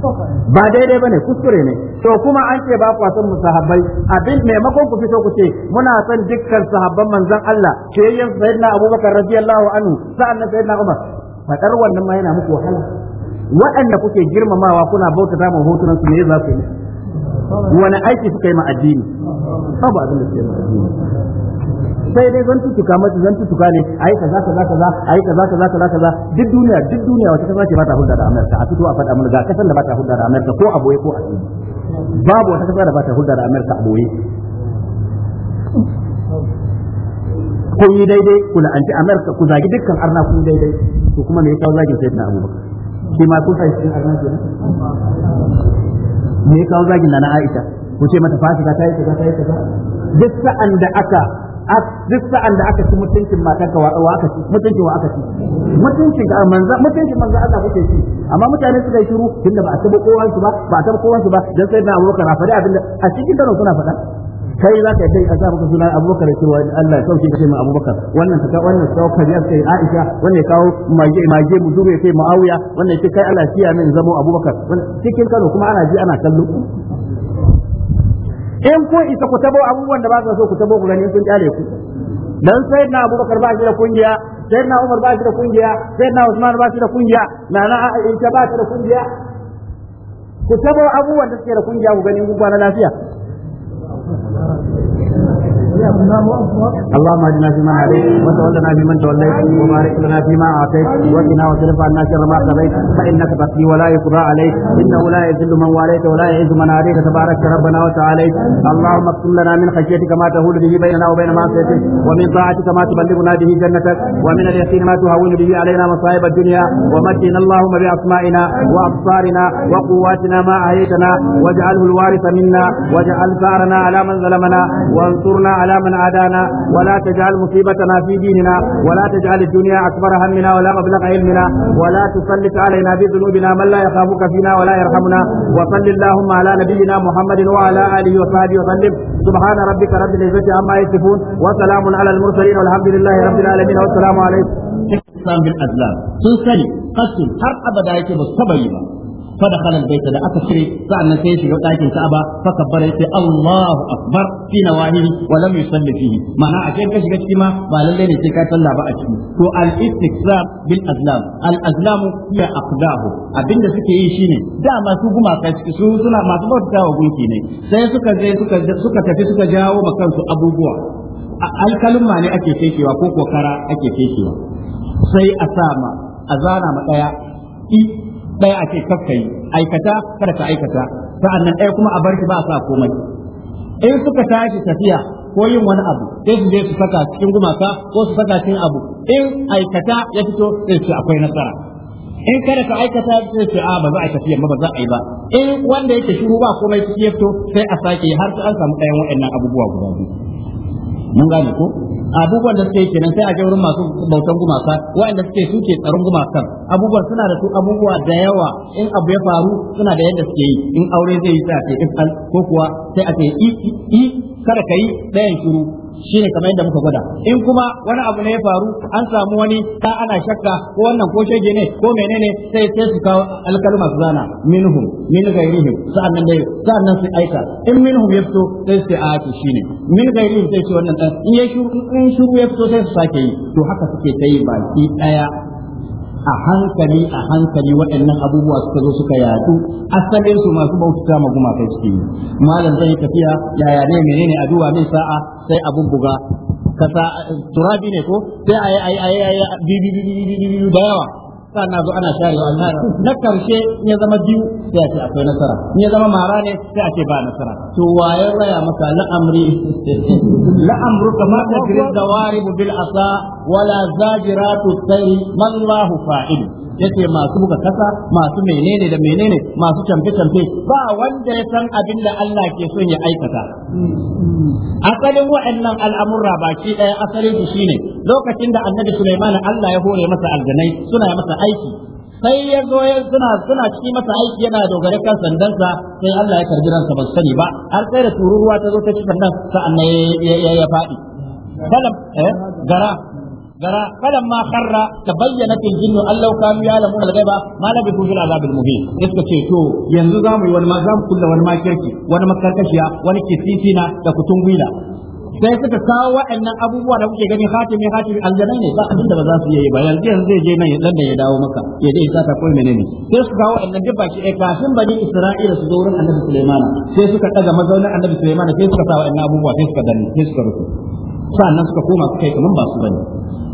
ba daidai ba bane kuskure ne to kuma an ce ba kwa son musahabbai abin maimakon ku fito ku ce muna son dukkan sahabban manzon Allah kiyayyen sayyidina Abubakar radiyallahu anhu sa'annan sayyidina Umar fadar wannan ma yana muku wahala waɗanda kuke girmamawa kuna bauta mu hotunan su ne za ku yi wani aiki suka yi ma addini ba abin da suke ma addini sai dai zan tutuka mata zan tutuka ne ai kaza kaza kaza ai kaza kaza kaza kaza duk duniya duk duniya wata kasa ce ba ta hulɗa da Amerika a fito a faɗa mun ga kasan da ba ta hulɗa da Amerika ko a boye ko a fili babu wata kasa da ba ta hulɗa da Amerika a boye kun yi daidai ku la'anci Amerika ku zagi dukkan arna ku daidai to kuma me yasa zagin sai na Abubakar shi ma kun sai cikin arna kenan me yasa zagin na na Aisha ku ce mata fasika ta yi ta ta yi ta duk sa'an da aka duk sa'an da aka ci mutuncin matar ka wa aka ci mutuncin wa aka ci mutuncin ka manza mutuncin manza Allah kuke ci amma mutane suka yi shiru tunda ba a taba kowan su ba ba a taba kowan su ba dan sai na Abubakar a faɗi abinda a cikin daro suna faɗa kai za ka kai azaba ka suna Abubakar ya ce wa Allah ya sauke kai ma Abubakar wannan ta wannan ta ka ya kai Aisha wannan ya kawo mage mage mu dube kai Muawiya wannan ya kai Allah ya kiyaye zamo Abubakar cikin Kano kuma ana ji ana kallo in ko isa ku tabo abubuwan da ba ka so ku tabo ku gani sun kyale ku dan sai na abubakar ba shi da kungiya sai na umar ba shi da kungiya sai na usman ba shi da kungiya na aisha ba shi da kungiya ku tabo abubuwan da suke da kungiya ku gani kun kwana lafiya اللهم اهدنا فيمن هديت وتولنا فيمن توليت وبارك لنا فيما اعطيت وقنا واصرف عنا شر ما قضيت فانك تقضي ولا يقضى عليك انه لا يذل من واليت ولا يعز من عليك تبارك ربنا وتعاليت اللهم اقسم لنا من خشيتك ما تهول به بيننا وبين معصيتك ومن طاعتك ما تبلغنا به جنتك ومن اليقين ما تهون به علينا مصائب الدنيا ومتنا اللهم باسمائنا وابصارنا وقواتنا ما احييتنا واجعله الوارث منا واجعل ثارنا على من ظلمنا وانصرنا على من عادانا ولا تجعل مصيبتنا في ديننا ولا تجعل الدنيا أكبر همنا ولا مبلغ علمنا ولا تسلط علينا بذنوبنا من لا يخافك فينا ولا يرحمنا وصل اللهم على نبينا محمد وعلى آله وصحبه وسلم سبحان ربك رب العزة عما يصفون وسلام على المرسلين والحمد لله رب العالمين والسلام عليكم. Islam bil Azlam sun sani kasul har abada yake ba su taba yi ba. فدخل البيت ده أكثر سعنا سيش يوتاك الكعبة فكبر يسي الله أكبر في نواهيه ولم يصلي فيه معنى عشان كشك اجتماع ما للين سيكا صلى بأجم تو الاستكسار بالأزلام الأزلام هي أقداه أبين ده سكي يشيني دا ما سوق ما كسكسو سنا ما تبوت داو بيكيني سيسوك زي سوك سوك تفي سوك جاو مكانسو أبو بوا alkalumma ne ake feshewa ko kokara ake feshewa sai a sama a zana ma daya i ɗaya ake ce yi aikata kada ka aikata sa'annan ɗaya kuma a bar shi ba sa komai in suka tashi tafiya ko yin wani abu sai su je su saka cikin gumaka ko su saka cikin abu in aikata ya fito sai su akwai nasara in kada ka aikata sai su a ba za a tafiya ba za a yi ba in wanda yake shiru ba komai ciki ya fito sai a sake har su an samu ɗayan waɗannan abubuwa guda biyu mun gane ko abubuwan da suke kenan sai a je wurin masu bautan gumaka waɗanda suke suke tsaron gumakan abubuwan suna da su abubuwa da yawa in abu ya faru suna da yadda suke yi in aure zai yi sai a ce ko kuwa sai a ce i kada ka yi ɗayan shiru shine kamar yadda muka gwada in kuma wani abu ne ya faru an samu wani ta ana shakka ko wannan ko shege ne ko menene sai sai su kawo alkalma su zana minhum min ghairihim sa'annan dai sa'annan su aika in minhum ya fito sai su a ki shine min ghairihim sai su wannan dan in ya shuru in shuru ya fito sai su sake yi to haka suke tayi baki daya a hankali a hankali waɗannan abubuwa suka zo suka yatu asalin su masu baututa ma gumaka suke yi malam zai tafiya yaya ne menene addu'a min sa'a sai abun buga kasa turabi ne ko sai ayi ayi ayi bi bi bi da yawa sannan zo ana sharewa na karshe ya zama biyu sai a ce akwai nasara in ya zama mara ne sai a ce ba nasara to waye raya maka la'amri la'amru kama tadri wari bil asa wala zajiratu sayr man lahu fa'il yace masu buga kasa masu menene da menene masu canfe-canfe ba wanda ya san abin da Allah ke son ya aikata asalin wa'annan al'amurra baki ɗaya asalin su shine lokacin da annabi Sulaiman Allah ya hore masa aljanai suna masa aiki sai ya zo suna suna ciki masa aiki yana dogare kan sandansa sai Allah ya karbi ransa ban sani ba har sai da tururuwa ta zo ta ci sandan sa'an ya ya faɗi kalam eh gara gara kalan ma karra ta bayyana fil jinnu Allah allau kanu ya al-ghaiba ma la bisu fil azabil muhin iska ce to yanzu za mu yi wani ma zamu kulla wani makirki wani makarkashiya wani kitifina, da kutungwila sai suka kawo waɗannan abubuwa da kuke gani hatimi hatimi aljanai ne ba abin da ba za su yi ba yanzu yanzu zai je nan ya dan ya dawo maka ya je isa ta koyi menene sai suka kawo waɗannan duk baki ɗaya kafin bani isra'ila su zo wurin annabi sulaiman sai suka ɗaga mazaunin annabi sulaiman sai suka sa waɗannan abubuwa sai suka danne sai suka rufe sannan suka koma suka yi kaman ba su bane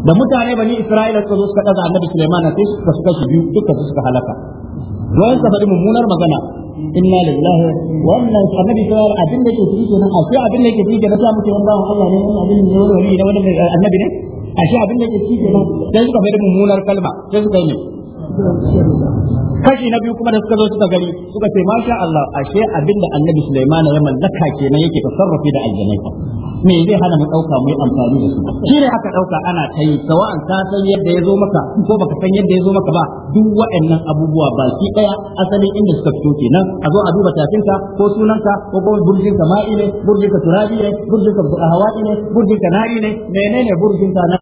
da mutane bani Isra'ila su zo suka ɗaga annabi Sulaiman sai suka suka biyu duka su suka halaka don ka faɗi mummunar magana inna lillahi wa inna ilaihi annabi Sulaiman abin da yake ciki kenan ashe abin da yake ciki kenan sai mutum bawan Allah ne wannan abin ne wani wani da wani annabi ne ashe abin da yake ciki kenan sai suka faɗi mummunar kalma sai suka yi kashi na biyu kuma da suka zo suka gani suka ce masha Allah ashe abinda annabi Sulaiman ya mallaka kenan yake tasarrufi da aljanai me zai hana mu dauka mu amfani da su shi aka dauka ana ta yi sawa'an ka san yadda ya zo maka ko baka san yadda ya zo maka ba duk waɗannan abubuwa baki daya asalin inda suka fito kenan a zo a duba tafinka ko sunanka ko ko burjin ka ma'i ne burjin ka turabi ne burjin ka hawa'i ne burjin ka nari ne menene burjin ka na